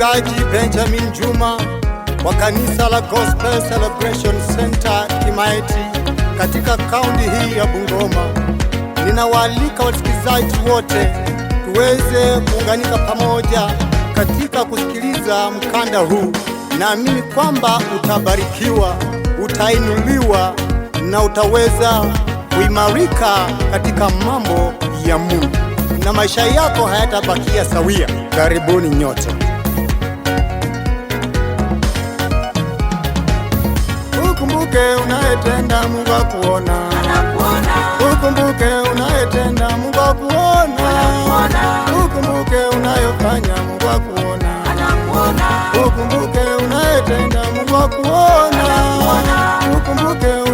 Mchungaji Benjamin Juma wa kanisa la Gospel Celebration Center Kimaiti katika kaunti hii ya Bungoma. Ninawaalika wasikizaji wote tuweze kuunganika pamoja katika kusikiliza mkanda huu. Naamini kwamba utabarikiwa, utainuliwa na utaweza kuimarika katika mambo ya Mungu na maisha yako hayatabakia sawia. Karibuni nyote. Ukumbuke unayetenda Mungu akuona, ukumbuke unayetenda Mungu akuona, ukumbuke unayofanya Mungu akuona, ukumbuke unayetenda Mungu akuona, ukumbuke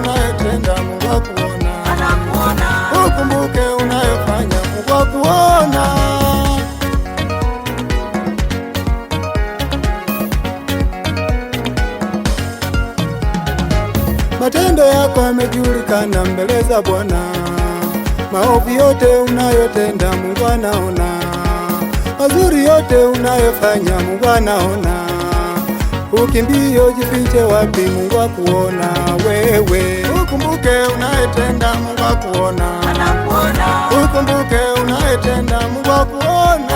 sana mbele za Bwana. Maovu yote unayotenda Mungu anaona, mazuri yote unayofanya Mungu anaona. Ukimbie ujifiche wapi? Mungu akuona wewe. Ukumbuke unayetenda Mungu akuona, anakuona. Ukumbuke unayetenda Mungu akuona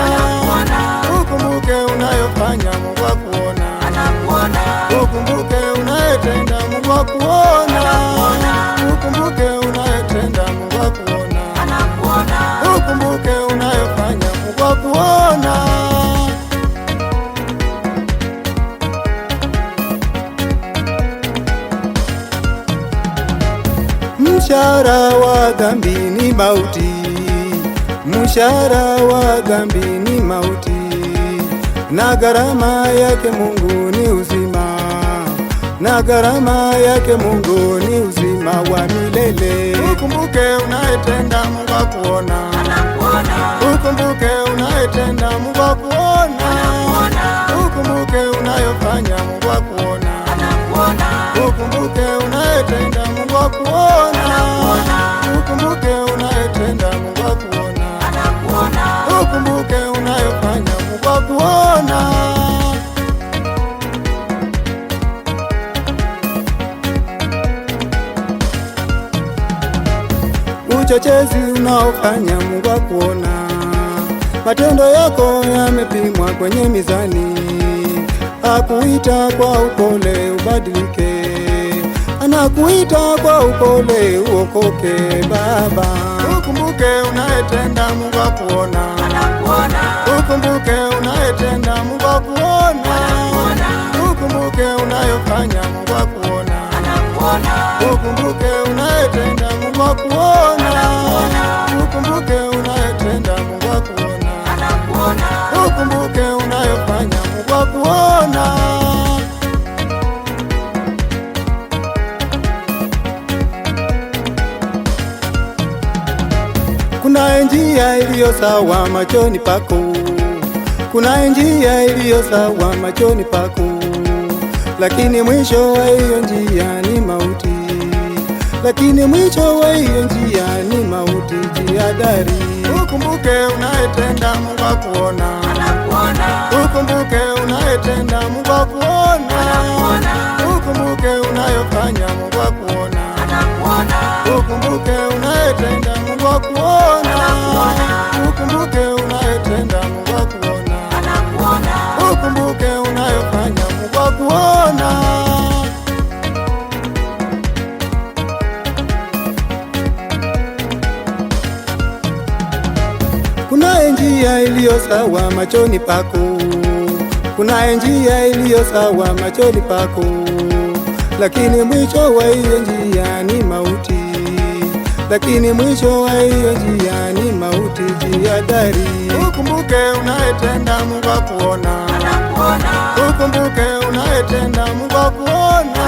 Mshahara wa dhambi ni mauti, mshahara wa dhambi ni mauti, na gharama yake Mungu ni uzima, na gharama yake Mungu ni uzima wa milele. Ukumbuke unayetenda Mungu akuona, ukumbuke unayetenda Mungu akuona, ukumbuke unayofanya Mungu akuona, ukumbuke unayetenda Mungu akuona. Ukumbuke unayotenda Mungu akuona, ukumbuke unayofanya Mungu akuona. Uchochezi unaofanya Mungu akuona, matendo yako yamepimwa kwenye mizani. Akuita kwa upole ubadilike ninakuita kwa upole, uokoke baba, ukumbuke unayetenda Mungu akuona, ukumbuke unayetenda Mungu akuona, ukumbuke unayofanya Mungu akuona, ukumbuke unayetenda Mungu akuona, ukumbuke unayo Kuna njia iliyo sawa machoni pako, kuna njia iliyo sawa machoni pako, lakini mwisho wa hiyo njia ni mauti, lakini mwisho wa hiyo njia ni mauti. Jihadhari, ukumbuke unayetenda Mungu akuona, ukumbuke unayetenda Mungu akuona. iliyo sawa machoni pako, kuna njia iliyo sawa machoni pako, lakini mwisho wa hiyo njia ni mauti, lakini mwisho wa hiyo njia ni mauti. Jihadhari, ukumbuke unayetenda Mungu akuona, ukumbuke unayetenda Mungu akuona,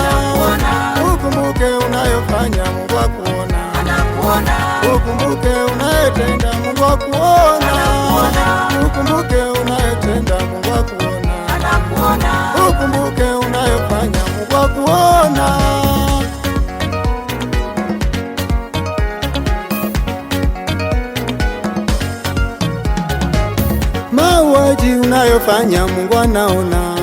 ukumbuke unayofanya Mungu akuona, ukumbuke unayetenda Mungu akuona. Saji unayofanya Mungu anaona.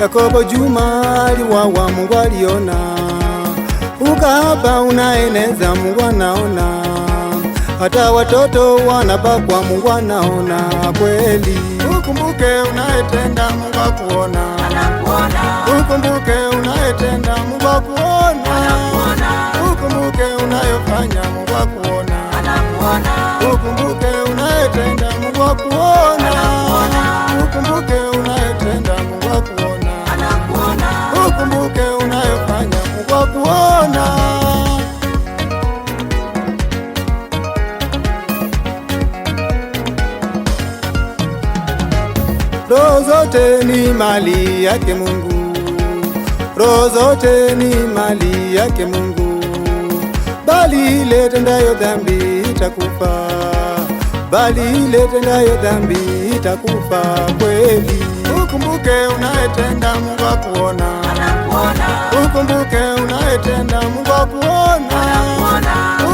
Yakobo Juma aliwawa, Mungu aliona. Ukahaba unaeneza, Mungu anaona. Hata watoto wanabakwa, Mungu anaona kweli. Ukumbuke unayetenda, Mungu akuona. Ukumbuke unayetenda, Mungu akuona. zote ni mali yake Mungu, roho zote ni mali yake Mungu, bali ile tendayo dhambi itakufa, bali ile tendayo dhambi itakufa kweli. Ukumbuke unayetenda Mungu akuona, ukumbuke unayetenda Mungu akuona,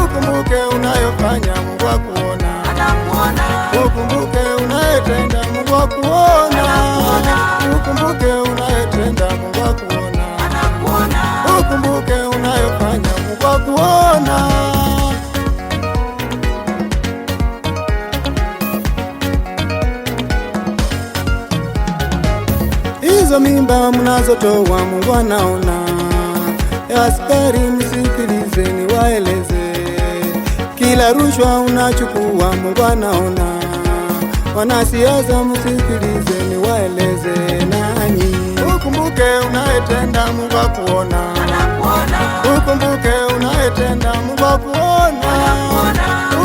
ukumbuke unayofanya Mungu akuona, ukumbuke unayetenda Mungu akuona ukumbuke unayetenda Mungu akuona, ukumbuke unayofanya Mungu akuona. Hizo mimba mnazotoa Mungu anaona. Askari msikilizeni, waeleze kila rushwa unachukua Mungu anaona Wanasiasa ni waeleze nani. Ukumbuke unayetenda Mungu akuona, ukumbuke unayetenda Mungu akuona,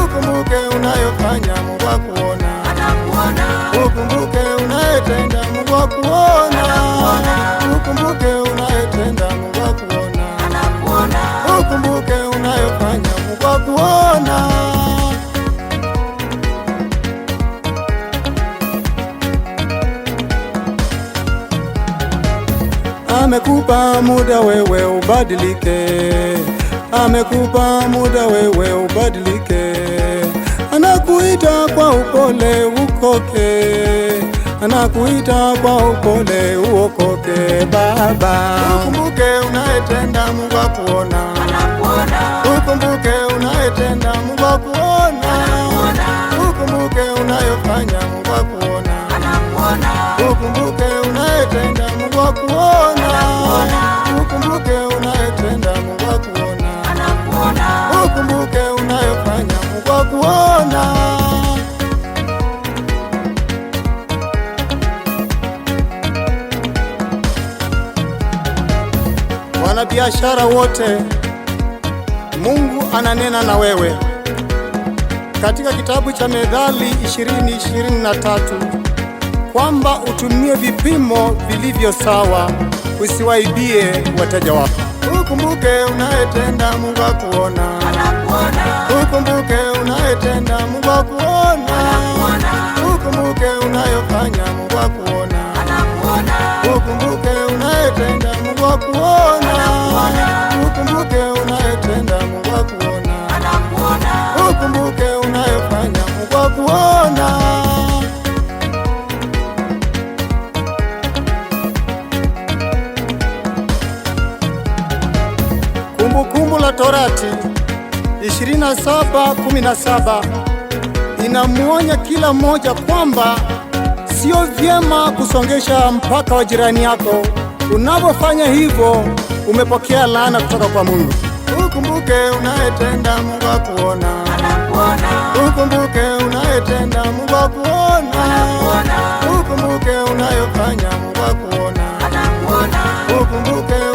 ukumbuke unayofanya Mungu akuona, ukumbuke unayetenda Mungu akuona, ukumbuke unayetenda Mungu akuona, ukumbuke unayofanya Mungu akuona. amekupa muda wewe ubadilike, amekupa muda wewe ubadilike, anakuita kwa upole ukoke, anakuita kwa upole uokoke. Baba, ukumbuke unayetenda, Mungu akuona, ukumbuke unayetenda, Mungu akuona, ukumbuke unayofanya, Mungu akuona wanabiashara wote, Mungu ananena na wewe katika kitabu cha Methali 20:23 kwamba utumie vipimo vilivyo sawa, usiwaibie wateja wako. Ukumbuke unayetenda Mungu akuona, ukumbuke unayetenda Mungu akuona, ukumbuke unayofanya Mungu akuona, ukumbuke unayetenda Mungu akuona. kuona Kumbukumbu la Torati 27:17 inamwonya kila mmoja kwamba sio vyema kusongesha mpaka wa jirani yako. Unapofanya hivyo, umepokea laana kutoka kwa Mungu. Ukumbuke unayetenda Mungu akuona. Ukumbuke unayetenda Mungu akuona, ukumbuke unayofanya Mungu akuona, ukumbuke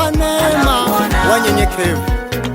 anawapa neema wanyenyekevu.